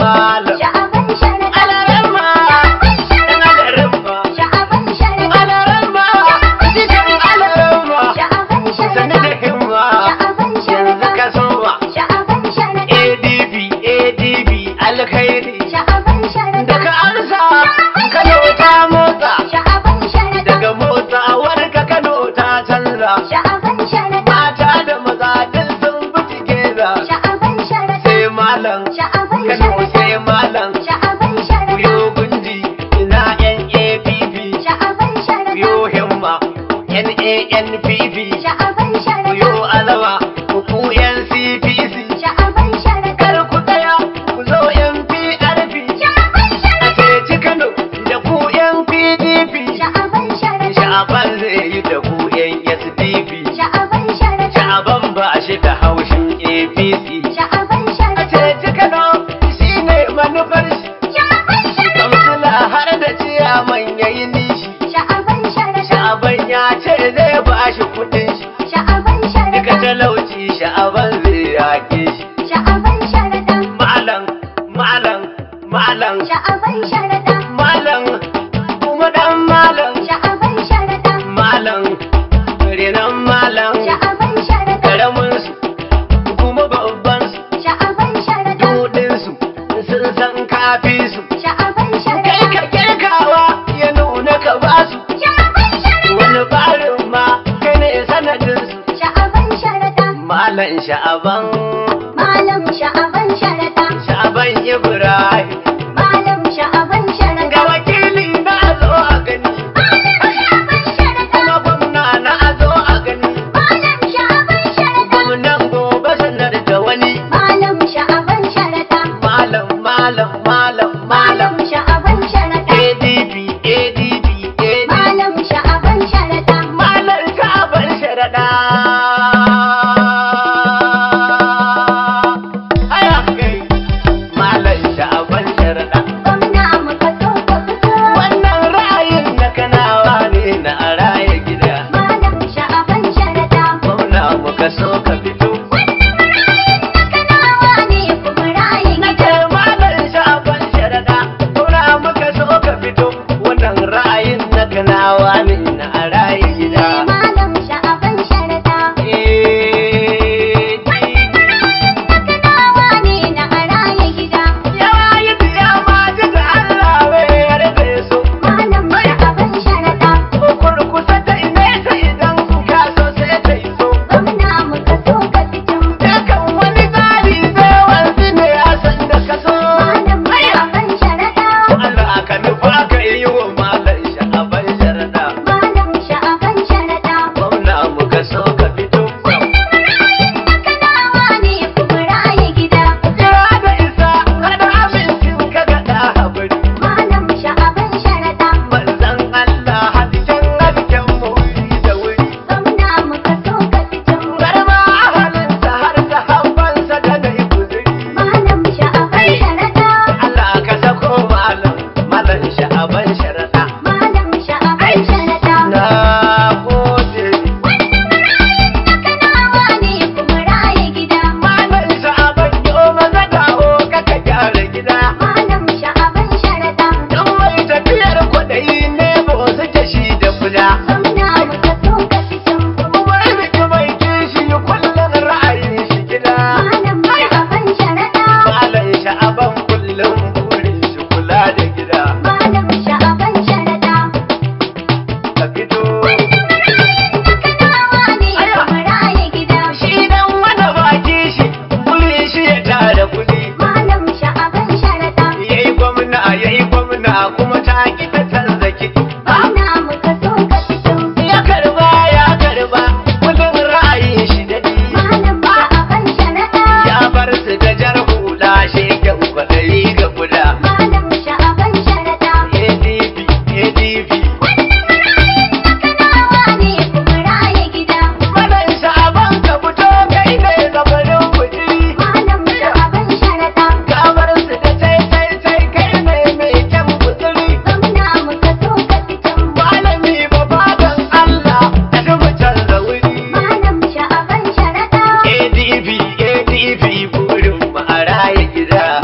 Mala Malam Sha'aban. Malam Sha'aban Sharata. Sha'aban Ibrahim. Malam Sha'aban Sharata. Ga wakili a zo a gani. Malam Sha'aban Sharata. Kuma gwamna na zo a gani. Malam Sha'aban Sharata. Gwamnan gobe sanar da wani. Malam Sha'aban Sharata. Malam, malam, malam, malam. yeah.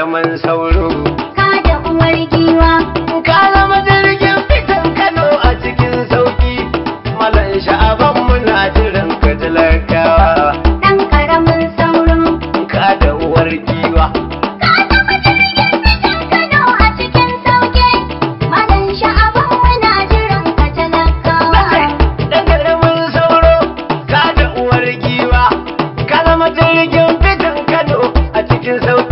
kadaman sauro ka da uwar giwa ka zama jirgin fitan kano a cikin sauki malan sha'aban muna jiran ka talakawa Ɗan karamin sauro ka da uwar giwa Jirgin fitan kano a cikin sauki